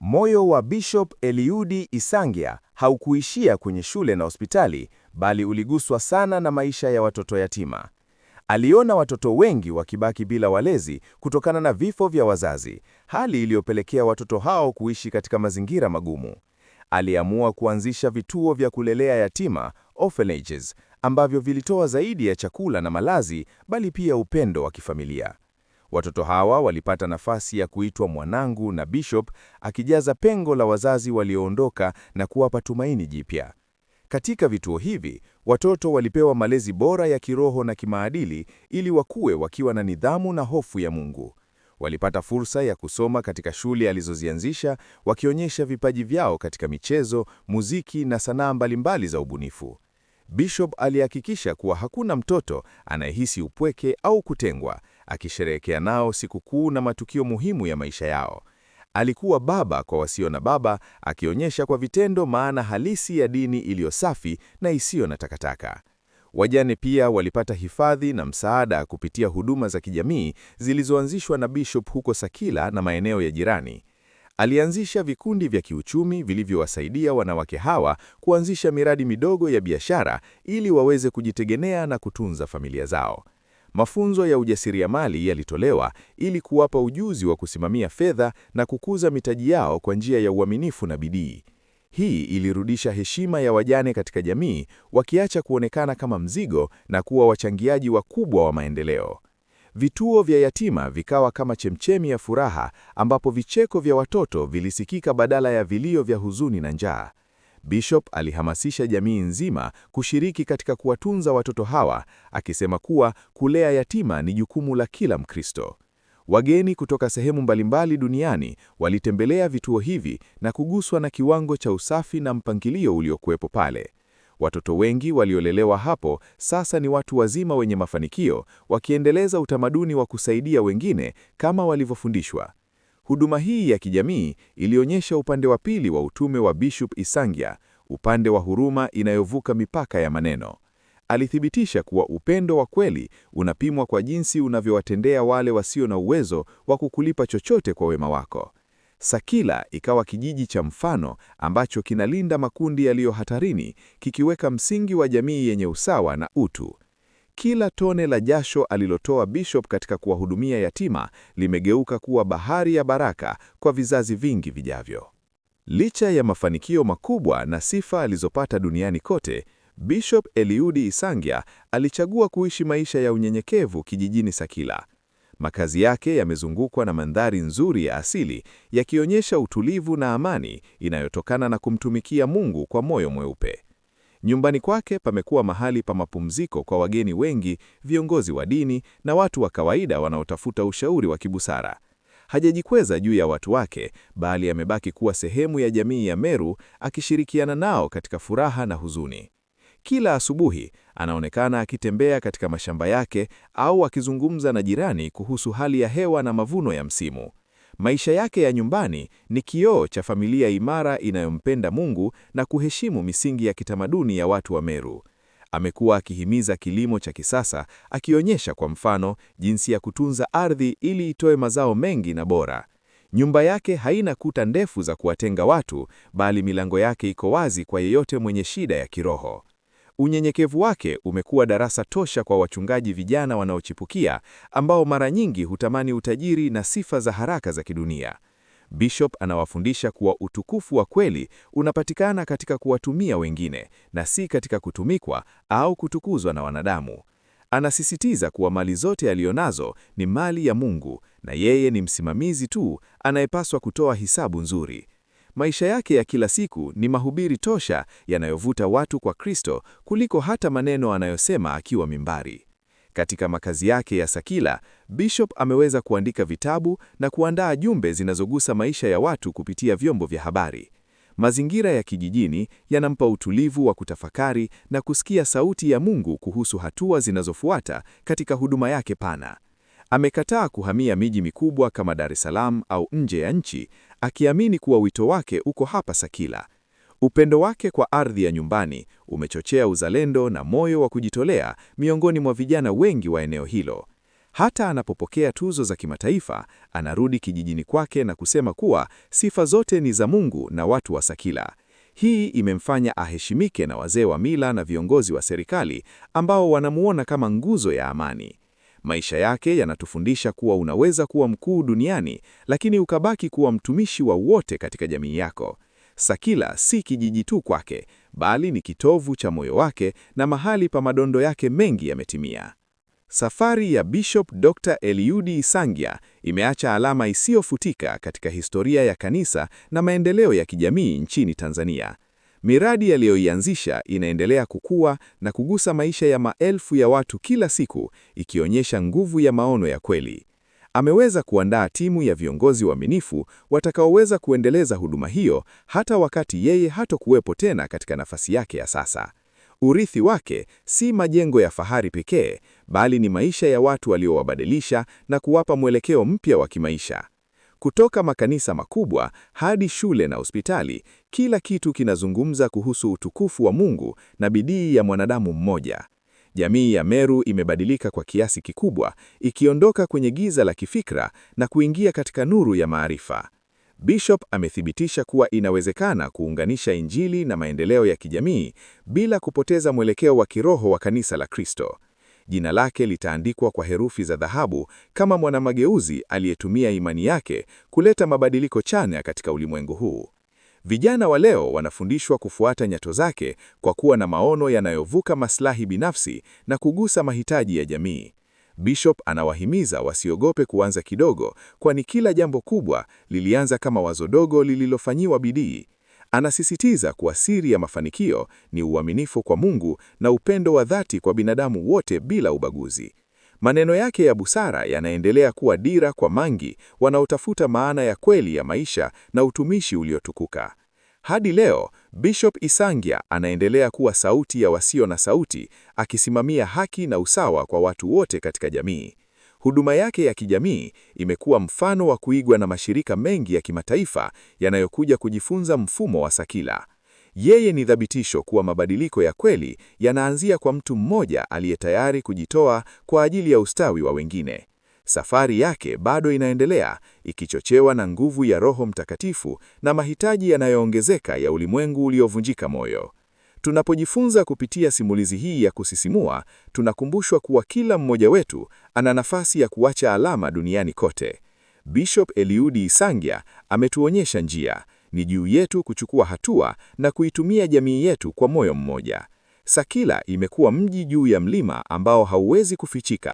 Moyo wa Bishop Eliudi Isangia haukuishia kwenye shule na hospitali, bali uliguswa sana na maisha ya watoto yatima. Aliona watoto wengi wakibaki bila walezi kutokana na vifo vya wazazi, hali iliyopelekea watoto hao kuishi katika mazingira magumu. Aliamua kuanzisha vituo vya kulelea yatima, orphanages, ambavyo vilitoa zaidi ya chakula na malazi, bali pia upendo wa kifamilia. Watoto hawa walipata nafasi ya kuitwa mwanangu na Bishop, akijaza pengo la wazazi walioondoka na kuwapa tumaini jipya. Katika vituo hivi, watoto walipewa malezi bora ya kiroho na kimaadili ili wakue wakiwa na nidhamu na hofu ya Mungu. Walipata fursa ya kusoma katika shule alizozianzisha, wakionyesha vipaji vyao katika michezo, muziki na sanaa mbalimbali za ubunifu. Bishop alihakikisha kuwa hakuna mtoto anayehisi upweke au kutengwa, akisherehekea nao sikukuu na matukio muhimu ya maisha yao. Alikuwa baba kwa wasio na baba, akionyesha kwa vitendo maana halisi ya dini iliyo safi na isiyo na takataka. Wajane pia walipata hifadhi na msaada kupitia huduma za kijamii zilizoanzishwa na Bishop huko Sakila na maeneo ya jirani. Alianzisha vikundi vya kiuchumi vilivyowasaidia wanawake hawa kuanzisha miradi midogo ya biashara ili waweze kujitegemea na kutunza familia zao. Mafunzo ya ujasiriamali yalitolewa ili kuwapa ujuzi wa kusimamia fedha na kukuza mitaji yao kwa njia ya uaminifu na bidii. Hii ilirudisha heshima ya wajane katika jamii, wakiacha kuonekana kama mzigo na kuwa wachangiaji wakubwa wa maendeleo. Vituo vya yatima vikawa kama chemchemi ya furaha ambapo vicheko vya watoto vilisikika badala ya vilio vya huzuni na njaa. Bishop alihamasisha jamii nzima kushiriki katika kuwatunza watoto hawa, akisema kuwa kulea yatima ni jukumu la kila Mkristo. Wageni kutoka sehemu mbalimbali duniani walitembelea vituo hivi na kuguswa na kiwango cha usafi na mpangilio uliokuwepo pale. Watoto wengi waliolelewa hapo sasa ni watu wazima wenye mafanikio, wakiendeleza utamaduni wa kusaidia wengine kama walivyofundishwa. Huduma hii ya kijamii ilionyesha upande wa pili wa utume wa Bishop isangia upande wa huruma inayovuka mipaka ya maneno. Alithibitisha kuwa upendo wa kweli unapimwa kwa jinsi unavyowatendea wale wasio na uwezo wa kukulipa chochote kwa wema wako. Sakila ikawa kijiji cha mfano ambacho kinalinda makundi yaliyo hatarini, kikiweka msingi wa jamii yenye usawa na utu. Kila tone la jasho alilotoa Bishop katika kuwahudumia yatima limegeuka kuwa bahari ya baraka kwa vizazi vingi vijavyo. Licha ya mafanikio makubwa na sifa alizopata duniani kote, Bishop Eliudi Isangya alichagua kuishi maisha ya unyenyekevu kijijini Sakila. Makazi yake yamezungukwa na mandhari nzuri ya asili yakionyesha utulivu na amani inayotokana na kumtumikia Mungu kwa moyo mweupe. Nyumbani kwake pamekuwa mahali pa mapumziko kwa wageni wengi, viongozi wa dini na watu wa kawaida wanaotafuta ushauri wa kibusara. Hajajikweza juu ya watu wake, bali amebaki kuwa sehemu ya jamii ya Meru, akishirikiana nao katika furaha na huzuni. Kila asubuhi anaonekana akitembea katika mashamba yake au akizungumza na jirani kuhusu hali ya hewa na mavuno ya msimu. Maisha yake ya nyumbani ni kioo cha familia imara inayompenda Mungu na kuheshimu misingi ya kitamaduni ya watu wa Meru. Amekuwa akihimiza kilimo cha kisasa, akionyesha kwa mfano jinsi ya kutunza ardhi ili itoe mazao mengi na bora. Nyumba yake haina kuta ndefu za kuwatenga watu, bali milango yake iko wazi kwa yeyote mwenye shida ya kiroho. Unyenyekevu wake umekuwa darasa tosha kwa wachungaji vijana wanaochipukia ambao mara nyingi hutamani utajiri na sifa za haraka za kidunia. Bishop anawafundisha kuwa utukufu wa kweli unapatikana katika kuwatumia wengine na si katika kutumikwa au kutukuzwa na wanadamu. Anasisitiza kuwa mali zote aliyonazo ni mali ya Mungu na yeye ni msimamizi tu anayepaswa kutoa hisabu nzuri. Maisha yake ya kila siku ni mahubiri tosha yanayovuta watu kwa Kristo kuliko hata maneno anayosema akiwa mimbari. Katika makazi yake ya Sakila, Bishop ameweza kuandika vitabu na kuandaa jumbe zinazogusa maisha ya watu kupitia vyombo vya habari. Mazingira ya kijijini yanampa utulivu wa kutafakari na kusikia sauti ya Mungu kuhusu hatua zinazofuata katika huduma yake pana. Amekataa kuhamia miji mikubwa kama Dar es Salaam au nje ya nchi akiamini kuwa wito wake uko hapa Sakila. Upendo wake kwa ardhi ya nyumbani umechochea uzalendo na moyo wa kujitolea miongoni mwa vijana wengi wa eneo hilo. Hata anapopokea tuzo za kimataifa, anarudi kijijini kwake na kusema kuwa sifa zote ni za Mungu na watu wa Sakila. Hii imemfanya aheshimike na wazee wa mila na viongozi wa serikali ambao wanamuona kama nguzo ya amani. Maisha yake yanatufundisha kuwa unaweza kuwa mkuu duniani, lakini ukabaki kuwa mtumishi wa wote katika jamii yako. Sakila si kijiji tu kwake, bali ni kitovu cha moyo wake na mahali pa madondo yake mengi yametimia. Safari ya Bishop Dr. Eliudi isangia imeacha alama isiyofutika katika historia ya kanisa na maendeleo ya kijamii nchini Tanzania. Miradi aliyoianzisha inaendelea kukua na kugusa maisha ya maelfu ya watu kila siku, ikionyesha nguvu ya maono ya kweli. Ameweza kuandaa timu ya viongozi waaminifu watakaoweza kuendeleza huduma hiyo hata wakati yeye hatokuwepo tena katika nafasi yake ya sasa. Urithi wake si majengo ya fahari pekee, bali ni maisha ya watu waliowabadilisha na kuwapa mwelekeo mpya wa kimaisha. Kutoka makanisa makubwa hadi shule na hospitali, kila kitu kinazungumza kuhusu utukufu wa Mungu na bidii ya mwanadamu mmoja. Jamii ya Meru imebadilika kwa kiasi kikubwa, ikiondoka kwenye giza la kifikra na kuingia katika nuru ya maarifa. Bishop amethibitisha kuwa inawezekana kuunganisha Injili na maendeleo ya kijamii bila kupoteza mwelekeo wa kiroho wa kanisa la Kristo jina lake litaandikwa kwa herufi za dhahabu kama mwanamageuzi aliyetumia imani yake kuleta mabadiliko chanya katika ulimwengu huu. Vijana wa leo wanafundishwa kufuata nyato zake kwa kuwa na maono yanayovuka maslahi binafsi na kugusa mahitaji ya jamii. Bishop anawahimiza wasiogope kuanza kidogo, kwani kila jambo kubwa lilianza kama wazo dogo lililofanyiwa bidii. Anasisitiza kuwa siri ya mafanikio ni uaminifu kwa Mungu na upendo wa dhati kwa binadamu wote bila ubaguzi. Maneno yake ya busara yanaendelea kuwa dira kwa mangi wanaotafuta maana ya kweli ya maisha na utumishi uliotukuka. Hadi leo, Bishop isangia anaendelea kuwa sauti ya wasio na sauti, akisimamia haki na usawa kwa watu wote katika jamii. Huduma yake ya kijamii imekuwa mfano wa kuigwa na mashirika mengi ya kimataifa yanayokuja kujifunza mfumo wa Sakila. Yeye ni dhabitisho kuwa mabadiliko ya kweli yanaanzia kwa mtu mmoja aliye tayari kujitoa kwa ajili ya ustawi wa wengine. Safari yake bado inaendelea, ikichochewa na nguvu ya Roho Mtakatifu na mahitaji yanayoongezeka ya ulimwengu uliovunjika moyo. Tunapojifunza kupitia simulizi hii ya kusisimua, tunakumbushwa kuwa kila mmoja wetu ana nafasi ya kuacha alama duniani kote. Bishop Eliudi isangia ametuonyesha njia. Ni juu yetu kuchukua hatua na kuitumia jamii yetu kwa moyo mmoja. Sakila imekuwa mji juu ya mlima ambao hauwezi kufichika.